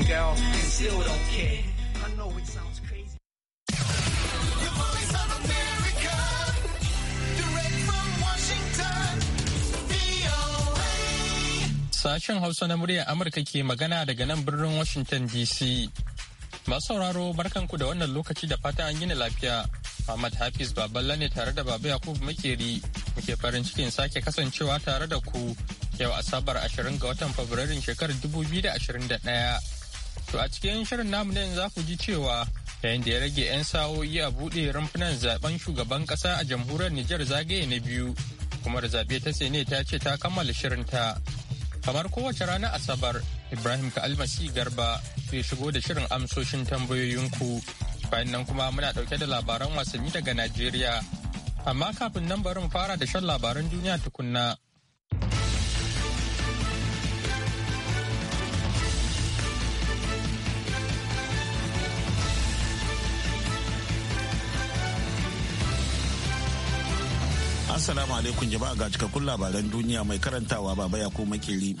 a girl and still don't care. I know it sounds crazy. The voice of America, direct from Washington, Sashen Hausa na muryar Amurka ke magana daga nan birnin Washington DC. Masu sauraro barkanku da wannan lokaci da fata an gina lafiya. Ahmad Hafiz Baballa ne tare da Baba Yakubu Makeri muke farin cikin sake kasancewa tare da ku yau Asabar 20 ga watan Fabrairun shekarar 2021 To a cikin shirin namu ne za ku ji cewa yayin da ya rage 'yan sa'o'i a buɗe rumfunan zaben shugaban ƙasa a jamhuriyar Nijar zagaye na biyu. Kuma da zaɓe ta ne ta ce ta kammala shirin ta. Kamar kowace rana Asabar, Ibrahim ka almasi Garba zai shigo da shirin amsoshin tambayoyinku. Bayan nan kuma muna ɗauke da labaran wasanni daga Najeriya. Amma kafin nan bari mu fara da shan labaran duniya tukunna. Assalamu alaikum jama'a ga cikakkun labaran duniya mai karantawa baba ya ko makeri.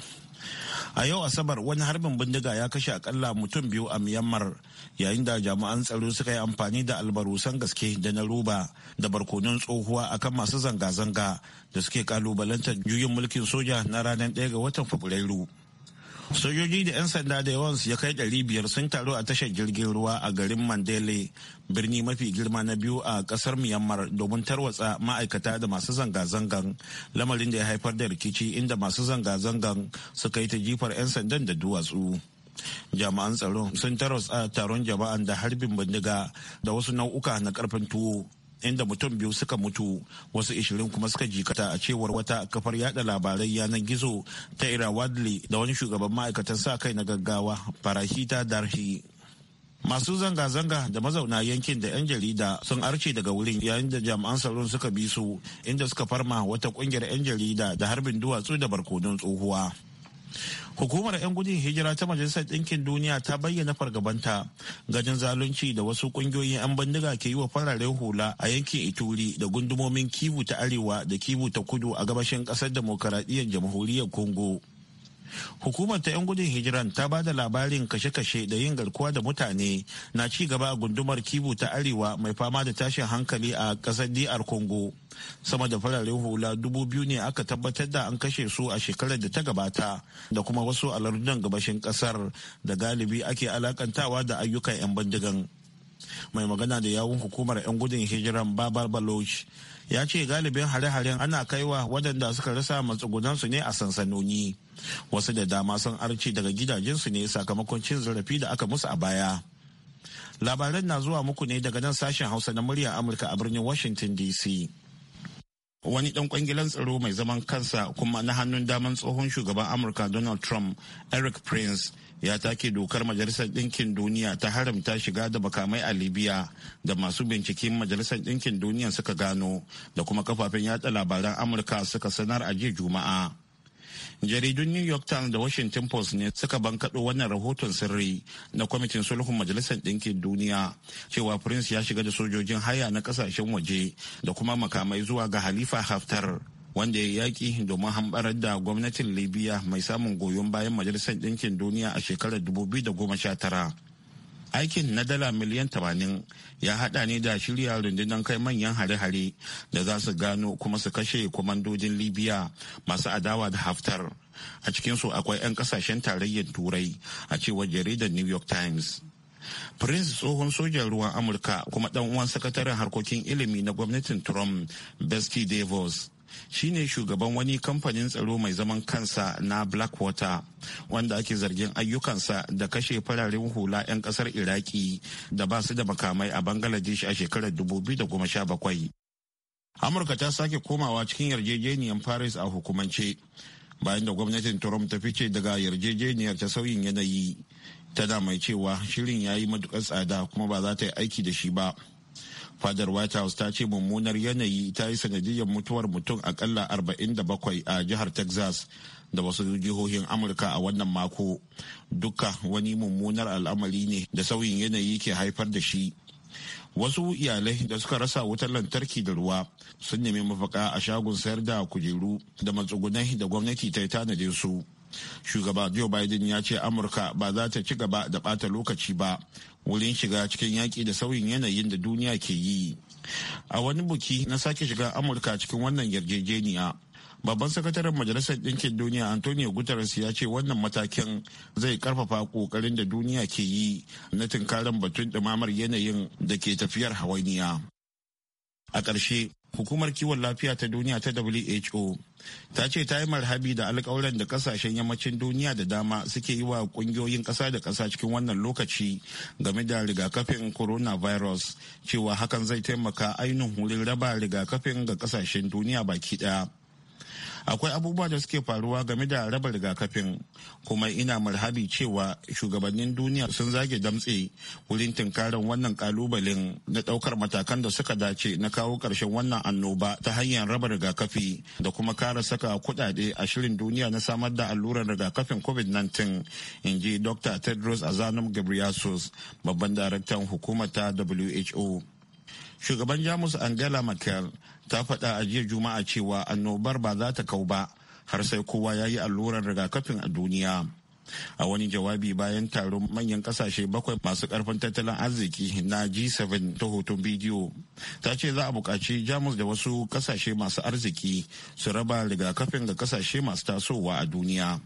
A yau Asabar wani harbin bindiga ya kashe akalla mutum biyu a Myanmar yayin da jami'an tsaro suka yi amfani da albarusan gaske da na roba da barkonon tsohuwa akan masu zanga-zanga da suke kalubalantar juyin mulkin soja na ranar 1 ga watan Fabrairu. sojoji da 'yan sanda da yawan ya kai ɗari biyar sun taru a tashar jirgin ruwa a garin mandele birni mafi girma na biyu a ƙasar myanmar domin tarwatsa ma'aikata da masu zanga-zangan lamarin da ya haifar da rikici inda masu zanga-zangan suka yi ta jifar 'yan sandan da duwatsu jami'an tsaro sun tarwatsa taron jama'an da harbin bindiga da wasu nau'uka na karfin tuwo inda mutum biyu suka mutu wasu ishirin kuma suka jikata a cewar wata kafar yada labarai yanar gizo ta ira wadley da wani shugaban ma'aikatan sa kai na gaggawa farahita darhi masu zanga-zanga da mazauna yankin da 'yan jarida sun arce daga wurin yayin da jami'an tsaron suka bi su inda suka farma wata kungiyar 'yan jarida da harbin duwatsu da barkonon tsohuwa Hukumar 'yan gudun hijira ta Majalisar Ɗinkin Duniya ta bayyana fargabanta gajin zalunci da wasu ƙungiyoyin 'yan bindiga ke yi wa fararen hula a yankin Ituri da gundumomin Kivu ta Arewa da Kivu ta Kudu a gabashin ƙasar demokaradiyyar jamhuriyar Congo. hukumar ta 'yan gudun hijiran ta ba da labarin kashe-kashe da yin garkuwa da mutane na ci gaba a gundumar kibu ta arewa mai fama da tashin hankali a ƙasar dr congo sama da fararen hula dubu biyu ne aka tabbatar da an kashe su a shekarar da ta gabata da kuma wasu alardunan gabashin ƙasar da galibi ake alakantawa da ayyukan 'yan bindigan mai magana da yawun hukumar 'yan gudun hijiran babar baloch ya ce galibin hare-haren ana kaiwa waɗanda suka rasa matsugunansu ne a sansanoni wasu da dama sun arce daga gidajensu ne sakamakon cin zarafi da aka musu a baya labaran na zuwa muku ne daga nan sashen hausa na murya amurka a birnin washington dc wani dan kwangilan tsaro mai zaman kansa kuma na hannun daman tsohon shugaban amurka donald trump eric prince ya take dokar majalisar ɗinkin duniya ta haramta shiga da makamai a libya da masu binciken majalisar ɗinkin duniya suka gano da kuma kafafen yada labaran amurka suka sanar a jiya juma'a jaridun new york times da washington post ne suka bankaɗo wannan rahoton sirri na kwamitin sulhun majalisar ɗinkin duniya cewa prince ya shiga da sojojin haya na ƙasashen waje da kuma makamai zuwa ga halifa haftar wanda ya yi yaƙi domin hambarar da gwamnatin libya mai samun goyon bayan majalisar ɗinkin duniya a shekarar 2019 aikin na dala miliyan 80 ya haɗa ne da shirya rundunar kai manyan hare-hare da za su gano kuma su kashe kwamandojin libya masu adawa da haftar a cikin su akwai 'yan kasashen tarayyar turai a cewar jaridar new york times Prince tsohon sojan ruwan Amurka kuma dan uwan sakataren harkokin ilimi na gwamnatin Trump, Besky Davos, shine shugaban wani kamfanin tsaro mai zaman kansa na blackwater wanda ake zargin ayyukansa da kashe fararen hula 'yan kasar iraki da ba su da makamai a bangladesh a shekarar 2017 amurka ta sake komawa cikin yarjejeniyar paris a hukumance bayan da gwamnatin trump ta fice daga yarjejeniyar ta sauyin yanayi tana mai cewa shirin ya yi matukar tsada kuma ba za ta yi aiki da shi ba fadar white house ta ce mummunar yanayi ta yi sanadiyar mutuwar mutum akalla 47 a jihar texas da wasu jihohin amurka a wannan mako duka wani mummunar al'amari ne da sauyin yanayi ke haifar da shi wasu iyalai da suka rasa wutar lantarki da ruwa sun nemi mafaka a shagon sayar da kujeru da matsugunai da gwamnati ta yi tanade su shugaba joe biden ya ce amurka ba za ta ci gaba da bata lokaci ba wurin shiga cikin yaƙi da sauyin yanayin da duniya ke yi a wani buki na sake shiga amurka cikin wannan yarjejeniya babban sakataren majalisar ɗinkin duniya antonio guterres ya ce wannan matakin zai karfafa ƙoƙarin da duniya ke yi na tunkarin batun ɗumamar yanayin da ke tafiyar hawainiya a ƙarshe hukumar kiwon lafiya ta duniya ta who ta ce ta yi marhabi da alkawuran da ƙasashen yammacin duniya da dama suke yi wa kungiyoyin ƙasa da ƙasa cikin wannan lokaci game da rigakafin coronavirus cewa hakan zai taimaka ainihin wurin raba rigakafin ga ƙasashen duniya baki ɗaya akwai abubuwa da suke faruwa game da raba rigakafin kuma ina marhabi cewa shugabannin duniya sun zage damtse wurin tunkarar wannan kalubalen na daukar matakan da suka dace na kawo karshen wannan annoba ta hanyar raba rigakafi da kuma kara saka kudade a shirin duniya na samar da allurar rigakafin covid-19 in ji dr tedros azanum gabriasus babban daraktan hukumar ta who shugaban jamus angela merkel ta faɗa a jiya juma'a cewa annobar ba za ta kau ba har sai kowa ya yi allurar rigakafin a duniya a wani jawabi bayan taron manyan kasashe bakwai masu karfin tattalin arziki na g7 ta hoton bidiyo ta ce za a buƙaci jamus da wasu kasashe masu arziki su raba rigakafin ga kasashe masu tasowa a duniya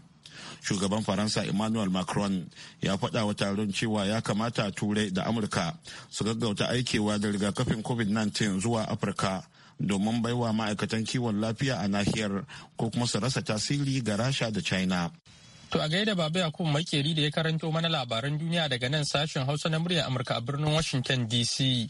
shugaban faransa emmanuel macron ya faɗa wa taron cewa ya kamata turai da amurka su gaggauta aikewa da rigakafin covid-19 zuwa afirka domin baiwa ma'aikatan kiwon lafiya a nahiyar ko kuma su rasa tasiri ga rasha da china to a gaida babu yakun makeri da ya karanto mana labaran duniya daga nan sashen hausa na muryar amurka a birnin washington dc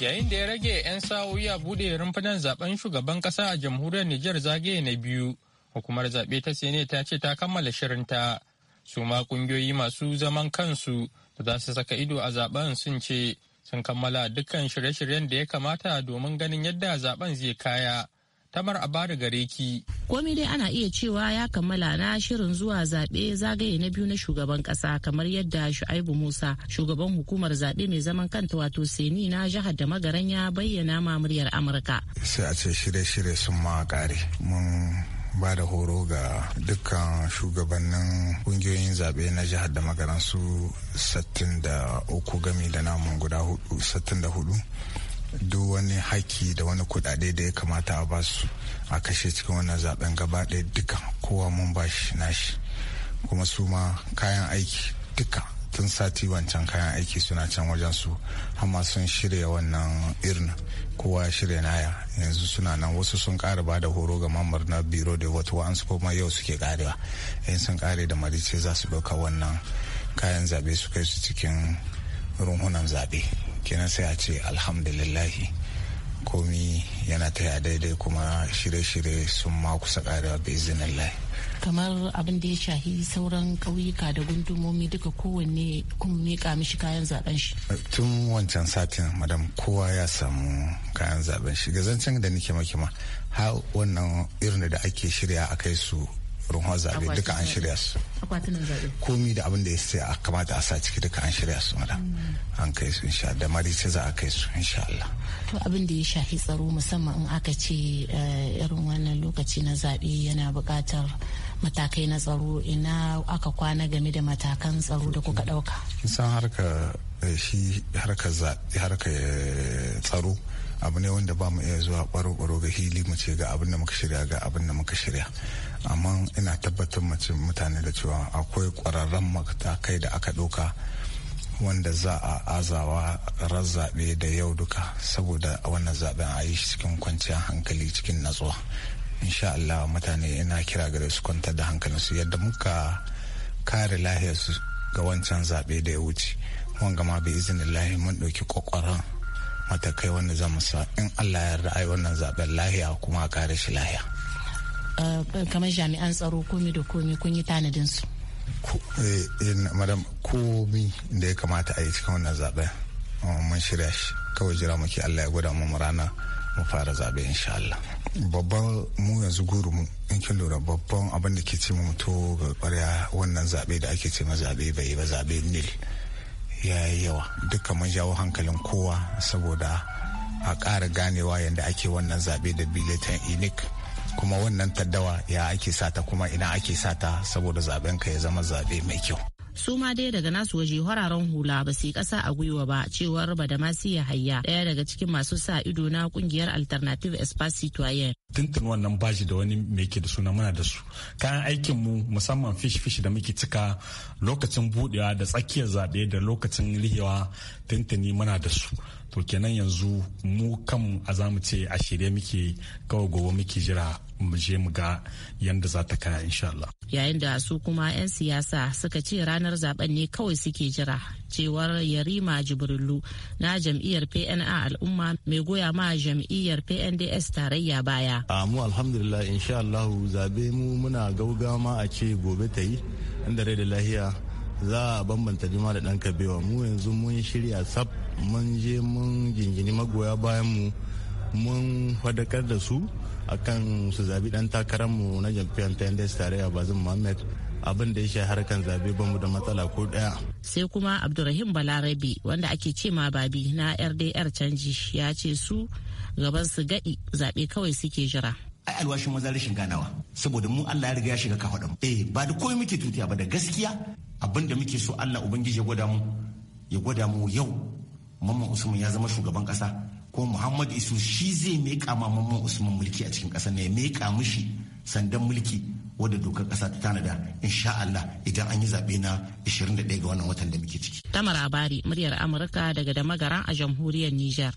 yayin da ya rage 'yan sa'o'i a buɗe rumfunan zaben shugaban ƙasa a jamhuriyar Nijar zagaye na biyu hukumar zaɓe ta sene ta ce ta kammala shirinta su ma ƙungiyoyi masu zaman kansu da za su saka ido a zaben sun ce sun kammala dukkan shirye-shiryen da ya kamata domin ganin yadda zaben zai kaya Tamar a gare ki. Komi dai ana iya cewa ya kammala na shirin zuwa zaɓe zagaye na biyu na shugaban ƙasa kamar yadda Shu'aibu Musa shugaban hukumar zaɓe mai zaman kanta wato Seni na jihar da magaran ya bayyana ma muryar Amurka. Sai a ce shirye-shirye sun ma ƙare. Mun ba da horo ga dukkan shugabannin kungiyoyin zaɓe na jihar da magaran su 63 gami da namun guda 64 duk wani haki da wani kudade da ya kamata a basu a kashe cikin wannan zaben gaba ɗaya duka kowa mun ba shi nashi kuma su ma kayan aiki duka tun sati wancan kayan aiki suna can wajen su amma sun shirya wannan irin kowa ya shirya naya yanzu suna nan wasu sun kara ba da horo ga mamar na biro da wata su kuma yau suke karewa in sun kare da marice za su ɗauka wannan kayan zaɓe su kai su cikin runhunan zaɓe. kenan sai a ce alhamdulillahi komi yana ta daidai kuma shirye-shirye sun ma kusa karewa bai Allah. kamar abin da ya shahi sauran ƙauyuka da gundumomi duka kowanne kun miƙa mishi kayan zaben shi tun wancan satin madam kowa ya samu kayan zaben shi ga zancen da nake makima har wannan irin da ake shirya a kai su ruwan zabe duka an shirya su komi da abin da ya sai a kamata a sa ciki duka an shirya su mada mm. an kai su insha da mari ce za a kai su insha Allah to abin da ya shafi tsaro musamman in aka ce eh, irin wannan lokaci na zabe yana buƙatar matakai na tsaro ina aka kwana game da matakan tsaro da kuka ɗauka. san harka eh, shi harka eh, tsaro abu ne wanda ba mu iya zuwa baro-baro ga hili mu ce ga abin da muka shirya ga abin da muka shirya amma ina tabbatar mace mutane da cewa akwai ƙwararren matakai da aka ɗauka wanda za a azawa ran da yau duka saboda wannan zaɓen a yi cikin kwanciyar hankali cikin natsuwa insha Allah mutane ina kira gare su kwantar da su yadda muka kare lahiyarsu ga wancan zaɓe da ya wuce wanga ma bai izinin lahi mun ɗauki ƙwaƙwaran matakai wanda za mu sa in allah ya yarda ai wannan zaben lahiya kuma a kare shi lahiya eh, kamar jami'an tsaro komi da komi kun yi tanadin su eh, eh, madam komi da ya kamata a yi cikin wannan zaben mun shirya shi kawai jira muke allah ya gwada mu rana mu fara zabe insha Allah. Babban mu yanzu guru mu in kin lura babban abin da ke ce mu to ga kwarya wannan zabe da ake ce ma zabe bai ba zabe nil. ya yi yawa duka mun jawo hankalin kowa saboda a ƙara ganewa yadda ake wannan zaɓe da biletin e inic kuma wannan taddawa ya ake sata kuma ina ake sata saboda zaɓen ka ya zama zaɓe mai kyau su ma dai daga nasu waje hararen hula ba su yi ƙasa a gwiwa ba cewar badamasi ya hayya ɗaya daga cikin masu sa ido na kungiyar alternative espacito ayen tuntun wannan bashi da wani mai ke da suna muna da su kayan aikin mu musamman fish fish da muke cika lokacin budewa da tsakiyar zaɓe da lokacin lihewa tuntuni muna da su to kenan yanzu mu kanmu a mu ce a shirye muke kawai gobe muke jira mu je mu ga yadda za ta kaya insha Allah. Yayin da su kuma 'yan siyasa suka ce ranar zaben ne kawai suke jira cewar Yarima Jibrilu na jam'iyyar PNA al'umma mai goya ma jam'iyyar PNDS tarayya baya. A mu alhamdulillah insha Allah zabe mu muna gaugama a ce gobe ta yi inda rai da lahiya za a bambanta jima da ɗan kabewa mu yanzu mun shirya sab mun je mun gingini magoya bayan mu mun fadakar da su akan su zabi dan mu na jam'iyyar pendes tarayya bazin muhammad abin da ya sha harkan zabe ba mu da matsala ko daya. Sai kuma Abdurrahim balarabi wanda ake ce ma babi na RDR canji ya ce su gaban su gadi zabe kawai suke jira. ai alwashin maza rashin ganawa saboda mu Allah ya riga ya shiga kafaɗan eh ba da komai muke tutiya ba da gaskiya abin da muke so Allah ubangiji ya gwada mu ya gwada mu yau mamman usman ya zama shugaban kasa ko muhammad isu shi zai meka ma mamman usman mulki a cikin kasa ne ya meka mushi sandan mulki wadda dokar kasa ta tanada insha Allah idan an yi zaɓe na 21 ga wannan watan da muke ciki. Tamar Abari muryar Amurka daga da magaran a jamhuriyar Nijar.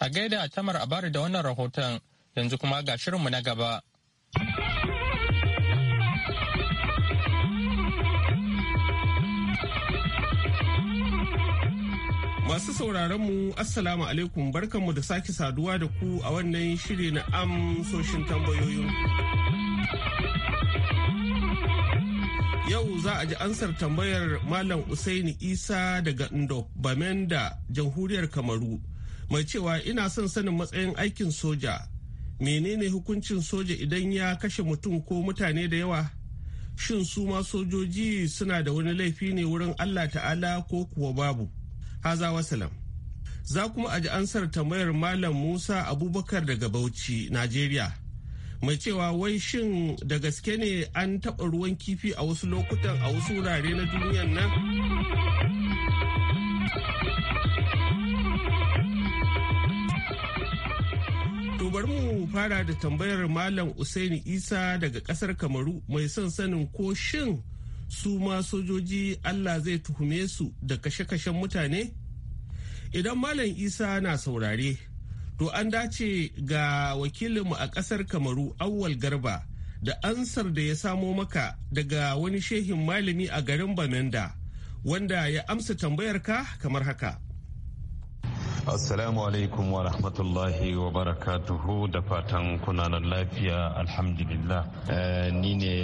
A gaida Tamar Abari da wannan rahoton yanzu kuma ga shirinmu na gaba. Masu sauraron mu Assalamu alaikum barkanmu da sake saduwa da ku a wannan shiri na amsoshin tambayoyin. Yau za a ji ansar tambayar Malam Usaini Isa daga Ndo Bamenda, jamhuriyar Kamaru, mai cewa ina son sanin matsayin aikin soja. Menene hukuncin soja idan ya kashe mutum ko mutane da yawa? Shin su ma sojoji suna da wani laifi ne wurin Allah ta'ala ko kuwa babu? haza wasalam za kuma aji ansar tambayar malam musa abubakar daga bauchi najeriya mai cewa wai shin da gaske ne an taɓa ruwan kifi a wasu lokutan a wasu wurare na duniyar nan bari mu fara da tambayar malam usaini isa daga kasar kamaru mai son sanin ko shin su ma sojoji Allah zai tuhume su da kashe-kashen mutane? Idan Malam Isa na saurare, to an dace ga wakilinmu a ƙasar Kamaru Awwal Garba da ansar da ya samo maka daga wani shehin malami a garin Bamenda, wanda ya amsa tambayarka kamar haka. Assalamu alaikum wa rahmatullahi wa barakatuhu da fatan kunanan lafiya alhamdulillah. Eh, ni ne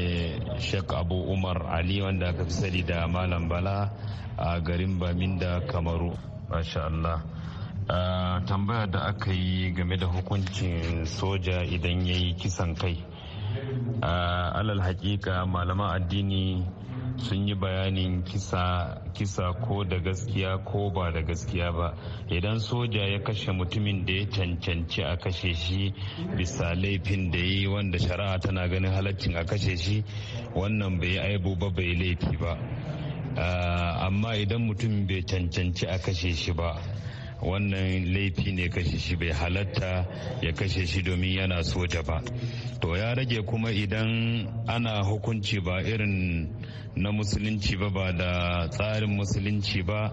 Sheikh Abu Umar Ali wanda aka fi sani da Malam Bala a garin Baminda Kamaru. Masha Allah. Eh, tambaya da aka yi game da hukuncin soja idan ya yi kisan kai. Eh, alal hakika malaman addini. sun yi bayanin kisa ko da gaskiya ko ba da gaskiya ba idan soja ya kashe mutumin da ya cancanci a kashe shi bisa laifin da yi wanda shari'a tana ganin halaccin a kashe shi wannan bai aibu ba bai laifi ba ah, amma idan mutumin bai cancanci a kashe shi ba wannan laifi ne kashe shi bai halatta ya kashe shi domin yana soja ba to ya rage kuma idan ana hukunci ba irin na musulunci ba ba da tsarin musulunci ba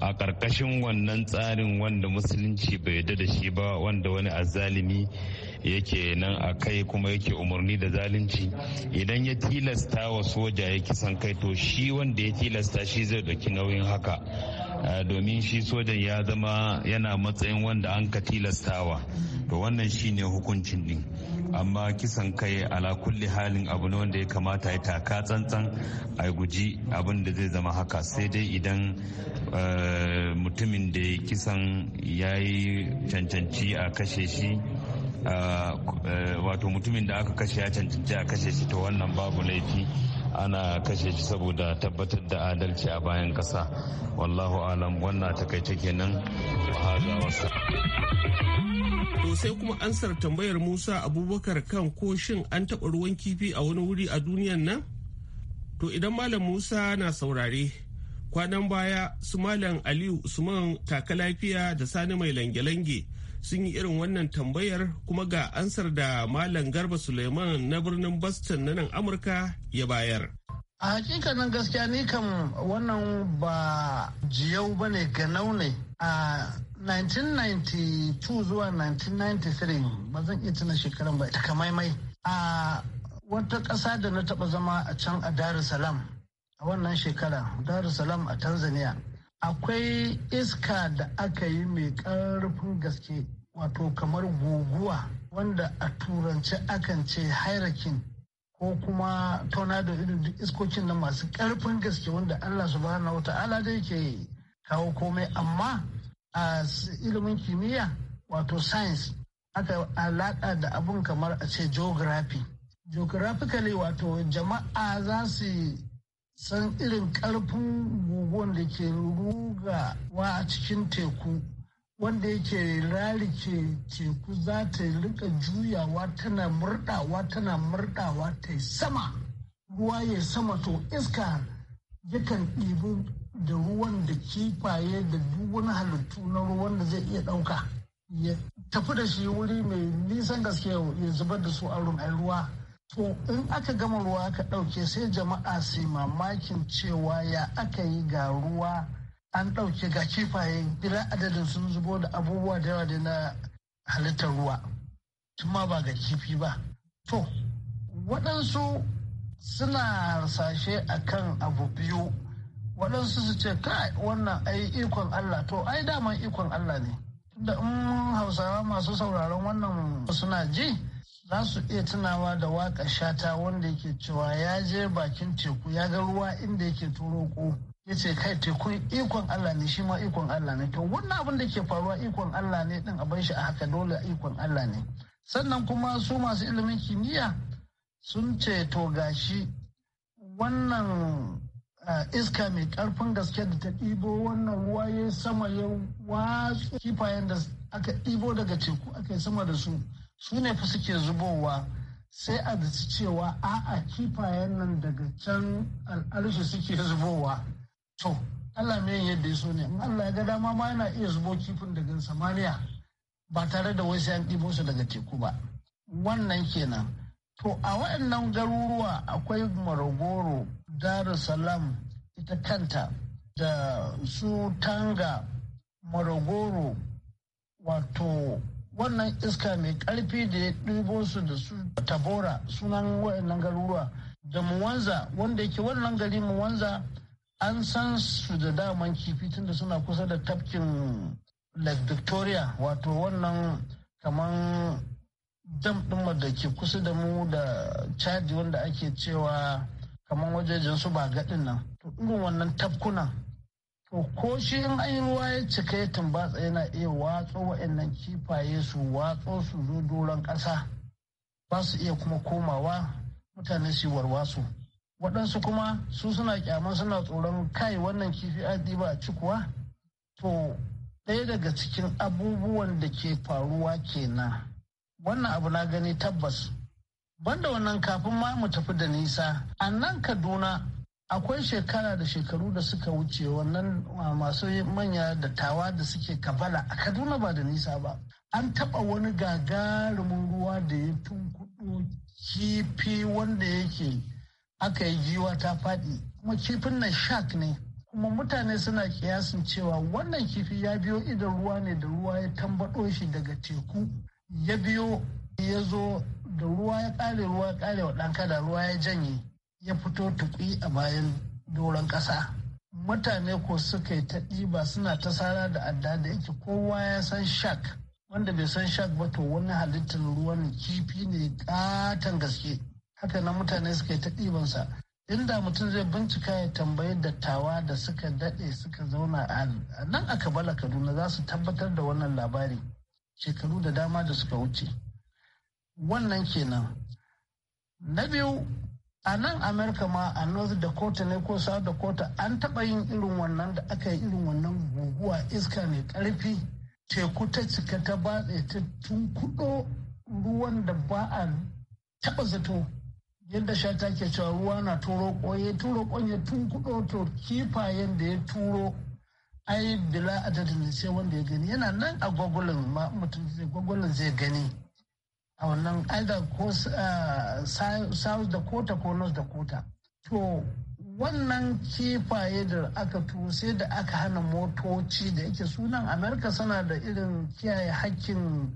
a ƙarƙashin wannan tsarin wanda musulunci bai da da shi ba wanda wani azalimi yake nan a kai kuma yake umarni da zalunci idan ya tilasta wa soja ya kisan kai to shi wanda ya tilasta shi zai ɗauki nauyin haka Ah, domin shi sojan ya zama yana matsayin wanda an ka tilastawa to wannan shi ne hukuncin din amma kisan kai ala kulli halin abu ne wanda ya kamata ya taka tsantsan a guji abin da zai zama haka sai dai idan eh, mutumin da ya kisan ya yi cancanci a kashe shi ah, eh, wato mutumin da aka kashe ya cancanci a kashe shi to wannan babu laifi ana kashe shi saboda tabbatar da adalci a bayan kasa wallahu alam wannan takaice kenan To sai kuma ansar tambayar Musa Abubakar kan ko shin an taɓa ruwan kifi a wani wuri a duniyan nan? To idan Malam Musa na saurare, kwanan baya su Malam Aliyu Usman taka lafiya da Sani mai lange-lange sun yi irin wannan tambayar kuma ga ansar da Malam Garba Suleiman na birnin Boston na nan Amurka ya bayar. A hakikanin gaskiya ni kam wannan ba jiyau ba ne ga naune a 1992 zuwa 1993 ba zan iya tuna shekaran ba ta kamaimai a wata ƙasa da na taɓa zama a can a Dar es Salaam a wannan shekara Dar es Salaam a Tanzania akwai iska da aka yi mai ƙarfin gaske wato kamar guguwa wanda a turance akan ce hairakin ko kuma tornado irin iskokin na masu ƙarfin gaske wanda Allah subhanahu wa ta'ala da yake kawo komai amma a ilimin kimiyya wato science aka alaƙa da abun kamar a ce geography geographically wato jama'a za su san irin ƙarfin abubuwan da ke wa a cikin teku wanda yake rarike teku za ta rika juyawa tana murdawa tana murdawa ta sama ruwa ya sama to iska yakan ɗibi da ruwan da kifaye da duk wani halittu na ruwan da zai iya ɗauka ya tafi da shi wuri mai nisan gaske ya zubar da su a ruwa to in aka gama ruwa aka ɗauke sai jama'a su mamakin cewa ya aka yi ga ruwa an ɗauke ga kifaye bila adadin sun zubo da abubuwa da yawa da na halittar ruwa ma ba ga kifi ba to waɗansu suna harsashe a kan abu biyu waɗansu su ce kai wannan ai ikon allah to ai daman ikon allah ne da in hausawa masu sauraron wannan suna ji za su iya tunawa da waƙa shata wanda yake cewa ya je bakin teku ya ga ruwa inda yake turo ko ya ce kai tekun ikon Allah ne shi ma ikon Allah ne to wannan abin da ke faruwa ikon Allah ne din abin shi a haka dole ikon Allah ne sannan kuma su masu ilimin kimiyya sun ce to gashi wannan iska mai karfin gaske da ta ɗibo wannan ruwa ya sama ya watsu kifayen da aka ɗibo daga teku aka yi sama da su su ne fa suke zubowa sai a da cewa a'a kifayen nan daga can al'arshi suke zubowa to Allah me yadda ya so ne Allah ya ga dama ma yana iya zubo kifin daga samaniya ba tare da wasu yan ɗibo su daga teku ba wannan kenan to a waɗannan garuruwa akwai marogoro darussalam ita kanta da su tanga marogoro wato wannan iska mai karfi da ya ɗibo su da su tabora sunan waannan garuruwa da muwanza wanda yake wannan gari muwanza an san su da daman kifi tunda suna kusa da tafkin lake victoria wato wannan kamar dam ɗin da ke kusa da mu da chadi wanda ake cewa kaman wajejen su ba gaɗin nan to irin wannan tafkunan ko shi in an yi ruwa ya cika ya tambatsa yana iya watso wa'annan kifaye su watsa su zo doron ƙasa ba su iya kuma komawa mutane su warwasu waɗansu kuma su suna kyaman suna tsoron kai wannan kifi adi ba a ci kuwa to ɗaya daga cikin abubuwan da ke faruwa kenan wannan abu na gani tabbas banda wannan kafin ma mu tafi da nisa a nan kaduna akwai shekara da shekaru da suka wuce wannan uh, masu manya da tawa da suke kabala a kaduna ba da nisa ba an taɓa wani gagarumin ruwa da ya tunkuɗo kifi wanda yake aka yi giwa ta faɗi kuma kifin nan shark ne kuma mutane suna kiyasin cewa wannan kifi ya biyo idan ruwa ne da ruwa ya tambaɗo shi daga teku ya biyo ya zo da ruwa ya ƙare ruwa ya ƙare wa ɗan kada ruwa ya janye ya fito tuƙi a bayan doron ƙasa mutane ko suka yi ta ɗiba suna ta sara da adda da yake kowa ya san shak wanda bai san shak ba to wani halittar ruwan kifi ne ƙaton gaske haka na mutane suka yi ta ɗibansa inda mutum zai bincika ya tambayi dattawa da suka daɗe suka zauna a nan a kabala kaduna za su tabbatar da wannan labari shekaru da dama da suka wuce wannan kenan na biyu a nan amurka ma a north dakota ne ko south dakota an taba yin irin wannan da aka yi irin wannan guguwa iska ne karfi teku ta cika ta batse ta tunkudo ruwan da ba a taɓa zato yadda shata ke cewa ruwa na turo koye turo ƙonye tunkudo to kifayen da ya turo ai bila adadin sai wanda ya gani yana nan a gwagwalin mutum zai gani a wannan either ko uh, south dakota ko north dakota to wannan kifaye da aka turo da aka hana motoci da yake sunan amerika suna da irin kiyaye hakkin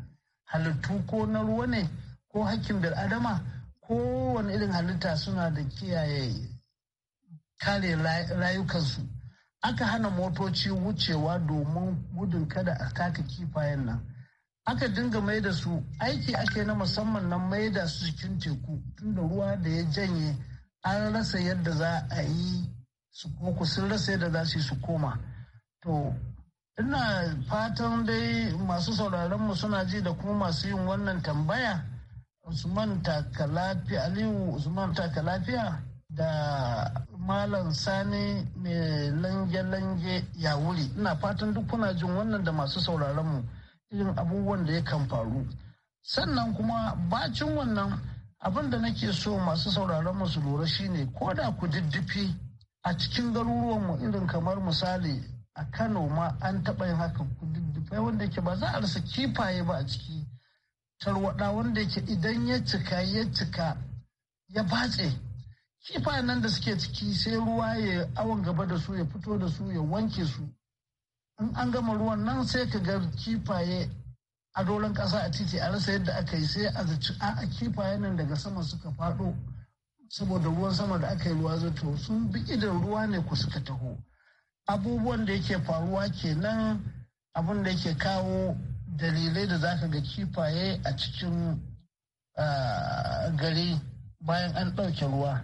halittu ko na ruwa ne ko hakkin bil'adama ko wani irin halitta suna da kiyaye kare rayukansu aka hana motoci wucewa domin gudun kada a kaka kifayen nan aka dinga mai da su aiki ake na musamman na mai da su cikin teku tunda ruwa da ya janye an rasa yadda za a yi su koko sun rasa yadda za su yi su koma to ina fatan dai masu mu suna ji da kuma masu yin wannan tambaya usman aliyu usman Taka Lafiya, da malam sani mai lange-lange ya wuri ina fatan duk kuna jin wannan da masu sauraronmu mu irin abubuwan da yakan faru sannan kuma bacin wannan abin da nake so masu sauraron masu lura shine ko da ku diddifi a cikin garuruwanmu irin kamar misali a kano ma an taɓa yin hakan ku diddifai wanda yake ba za a rasa kifaye ba a ciki tarwaɗa wanda yake idan ya cika ya cika ya batse kifayen nan da suke ciki sai ruwa ya awon gaba da su ya fito da su ya wanke su in an gama ruwan nan sai ka ga kifaye a doron ƙasa a titi a rasa yadda aka yi sai a zaci a kifaye nan daga sama suka faɗo saboda ruwan sama da aka yi ruwa zato sun bi idan ruwa ne ku suka taho abubuwan da yake faruwa kenan abin da yake kawo dalilai da za ka ga kifaye a cikin ah, gari bayan an ɗauke ruwa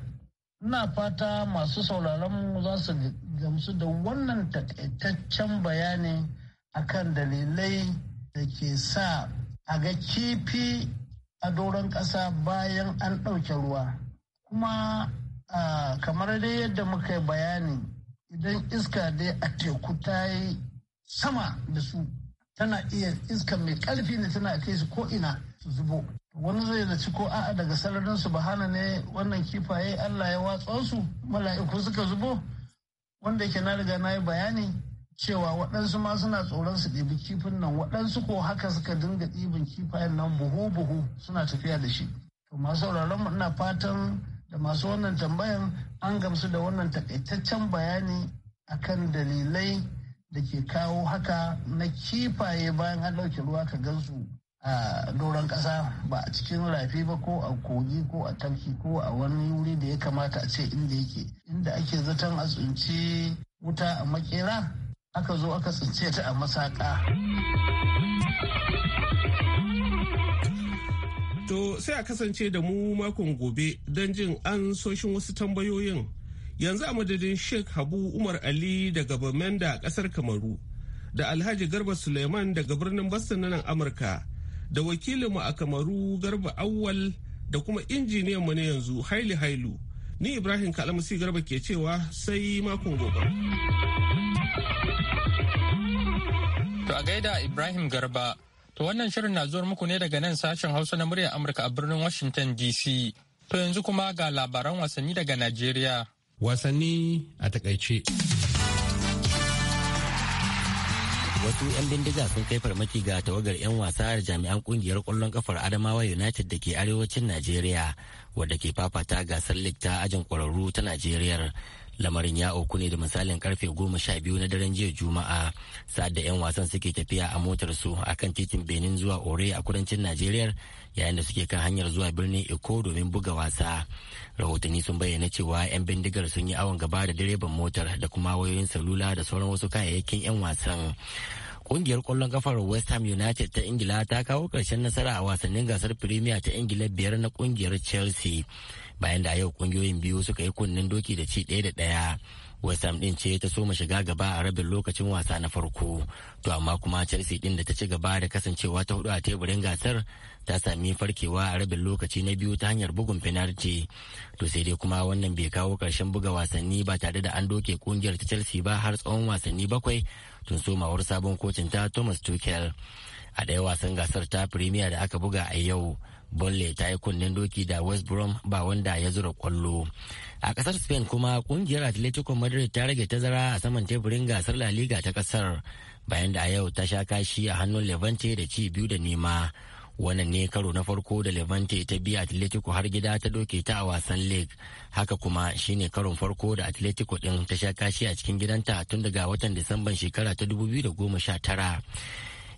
Ina fata masu sauraronmu za su gamsu da wannan taƙaitaccen bayani akan dalilai da ke sa a ga kifi a doron ƙasa bayan an ɗauke ruwa. Kuma kamar dai yadda muka yi bayani idan iska dai a teku ta yi sama da su tana iya iska mai karfi ne tana kai su ko ina su zubo wani zai zaci ko a'a daga sararin su bahana ne wannan kifaye Allah ya watsa su mala'iku suka zubo wanda yake na riga na yi bayani cewa waɗansu ma suna tsoron su ɗibi kifin nan waɗansu ko haka suka dinga ɗibin kifayen nan buhu-buhu suna tafiya da shi to masu sauraron ina fatan da masu wannan tambayan an gamsu da wannan takaitaccen bayani akan dalilai da ke kawo haka na kifaye bayan an ɗauke ruwa ka gan su a doron ƙasa ba a cikin rafi ba ko a kogi ko a tarki ko a wani wuri da ya kamata a ce inda yake inda ake zaton a tsinci wuta a makera aka zo aka tsince ta a masaka. To sai a kasance da mu makon gobe don jin an soshin wasu tambayoyin yanzu a madadin sheikh habu umar ali daga bamenda kasar kamaru da alhaji garba suleiman daga birnin boston amurka da wakilinmu a kamaru garba awwal da kuma injiniyanmu na yanzu haili hailu ni ibrahim kalamasi garba ke cewa sai makon gobe to a gaida ibrahim garba to wannan shirin na zuwa muku ne daga nan sashen hausa na muryar amurka a birnin washington dc to yanzu kuma ga labaran wasanni daga najeriya wasanni a takaice wasu 'yan bindiga sun kai farmaki ga tawagar 'yan wasa da jami'an kungiyar kwallon kafar adamawa united da ke arewacin najeriya wadda ke fafata gasar ta ajin kwararru ta najeriya lamarin ya auku ne da misalin karfe goma sha biyu na daren jiya juma'a sa'ad da 'yan wasan suke tafiya a motar su kan titin benin zuwa ore a kudancin najeriya yayin da suke kan hanyar zuwa birnin eko domin buga wasa rahotanni sun bayyana cewa 'yan bindigar sun yi awon gaba da direban motar da kuma wayoyin salula da sauran wasu kayayyakin 'yan wasan Kungiyar kwallon kafar West Ham United ta Ingila ta kawo karshen nasara a wasannin gasar Premier ta Ingila biyar na kungiyar Chelsea bayan da yau kungiyoyin biyu suka yi kunnen doki da ci ɗaya da ɗaya. West Ham din ce ta soma shiga gaba a rabin lokacin wasa na farko. To amma kuma Chelsea din da ta ci gaba da kasancewa ta hudu a teburin gasar ta sami farkewa a rabin lokaci na biyu ta hanyar bugun penalty. To sai dai kuma wannan bai kawo karshen buga wasanni ba tare da an doke kungiyar ta Chelsea ba har tsawon wasanni bakwai tun somawar sabon kocin ta thomas tuchel a ɗaya wasan gasar ta premier da aka buga a yau bolle ta yi kunnen doki da west brom ba wanda ya zura kwallo a kasar spain kuma kungiyar atletico madrid ta rage tazara a saman teburin gasar la liga ta kasar bayan da a yau ta sha kashi a hannun levante da ci biyu da nema wannan ne karo na farko da levante ta biya atletico har gida ta doke ta a wasan league haka kuma shine karon farko da atletico din ta sha kashi a cikin gidanta tun daga watan disamban shekara ta 2019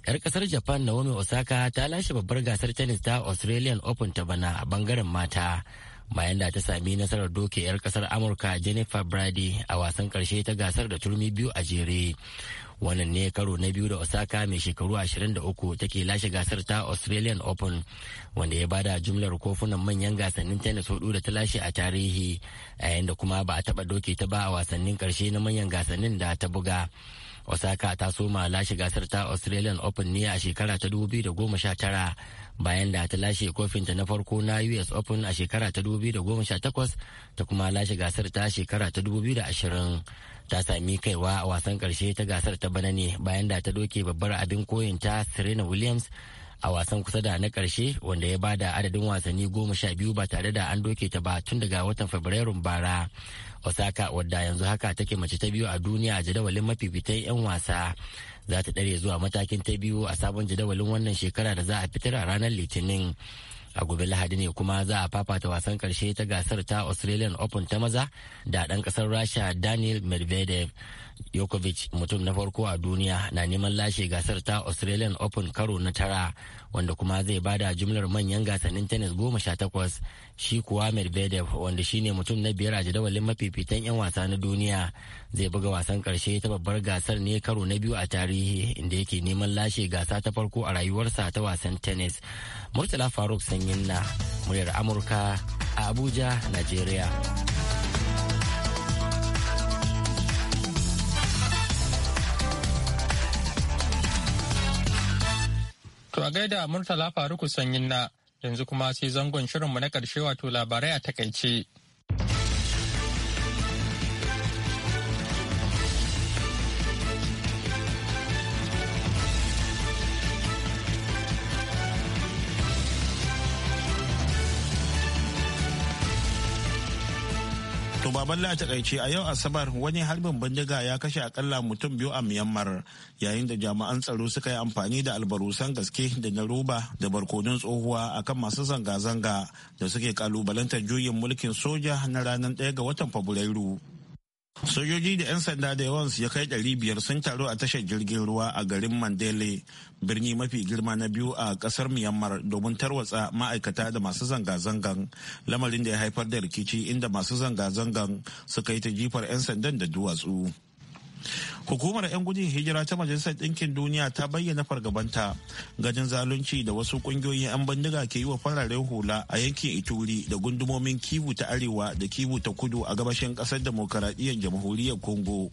'yar kasar japan naomi osaka ta lashe babbar gasar tennis ta australian open ta bana a bangaren mata bayan da ta sami nasarar doke 'yar kasar amurka jennifer brady a wasan karshe ta gasar da turmi biyu a jere wannan ne karo na biyu da osaka mai shekaru 23 take lashe gasar ta australian open wanda ya bada jumlar kofunan manyan gasannin tennis hudu da ta lashe a tarihi a yayin da kuma ba a taba doke ta ba a wasannin karshe na manyan gasannin da ta buga osaka ta soma lashe gasar ta australian open ne a shekara ta 2019 bayan da ta lashe kofinta na farko na US Open a shekara ta 2018 ta kuma lashe gasar ta shekara ta 2020 ta sami kaiwa a wasan karshe ta gasar ta bana ne bayan da ta doke babbar abin koyinta ta Serena Williams a wasan kusa da na ƙarshe wanda ya bada adadin wasanni goma sha biyu ba tare da an doke ta ba tun daga watan fabrairun bara osaka wadda yanzu haka take mace ta biyu a duniya a jadawalin mafifitan 'yan wasa za ta ɗare zuwa matakin ta biyu a sabon jadawalin wannan shekara da za a fitar a ranar litinin a gobe lahadi ne kuma za a fafata wasan karshe ta gasar ta australian open ta maza da ɗan ƙasar rasha daniel medvedev Djokovic mutum na farko a duniya na neman lashe gasar ta Australian Open karo na tara wanda kuma zai bada jumlar manyan gasannin tennis goma sha takwas shi kuwa Medvedev wanda shine mutum na biyar a jadawalin mafifitan 'yan wasa na duniya zai buga wasan karshe ta babbar gasar ne karo na biyu a tarihi inda yake neman lashe gasa ta farko a rayuwarsa ta wasan tennis. Murtala Faruk Sanyin na muryar Amurka a Abuja, nigeria. To a gaida Murtala Faruku Sanyin na yanzu kuma sai zangon shirinmu na ƙarshe wato labarai a takaice. baban a takaice a yau asabar wani harbin bindiga ya kashe akalla mutum biyu a myanmar yayin da jami'an tsaro suka yi amfani da albarusan gaske da na roba da barkonin tsohuwa akan masu zanga-zanga da suke kalubalantar juyin mulkin soja na ranar 1 ga watan fabrairu Sojoji da 'yan sanda da yawansu ya kai ɗari biyar sun taru a tashar jirgin ruwa a garin Mandele, birni mafi girma na biyu a ƙasar Myanmar domin tarwatsa ma'aikata da masu zanga-zangan, lamarin da ya haifar da rikici inda masu zanga-zangan suka yi ta jifar 'yan sandan da duwatsu. hukumar 'yan gudun hijira ta majalisar ɗinkin duniya ta bayyana fargabanta ganin zalunci da wasu ƙungiyoyin 'yan bindiga ke yi wa fararen hula a yankin ituri da gundumomin kivu ta arewa da kivu ta kudu a gabashin ƙasar demokaradiyyar jamhuriyar congo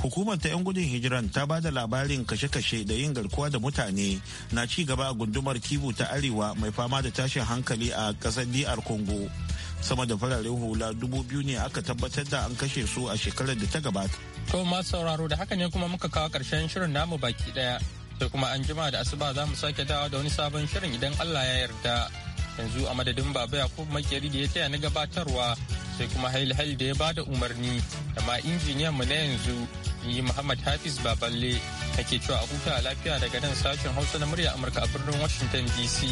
hukumar ta 'yan gudun hijiran ta ba da labarin kashe-kashe da yin garkuwa da mutane na ci gaba a gundumar kivu ta arewa mai fama da tashin hankali a ƙasar dr congo sama da fararen hula dubu biyu ne aka tabbatar da an kashe su a shekarar da ta gabata. To masu sauraro da haka ne kuma muka kawo karshen shirin namu baki ɗaya. Sai kuma an jima da asuba za mu sake dawa da wani sabon shirin idan Allah ya yarda. Yanzu a madadin Baba Yakubu Makeri da ya taya na gabatarwa sai kuma Hail Hail da ya ba da umarni da ma injiniyan mu na yanzu ni Muhammad Hafiz Baballe ake cewa a huta lafiya daga nan sashen Hausa na murya Amurka a birnin Washington DC.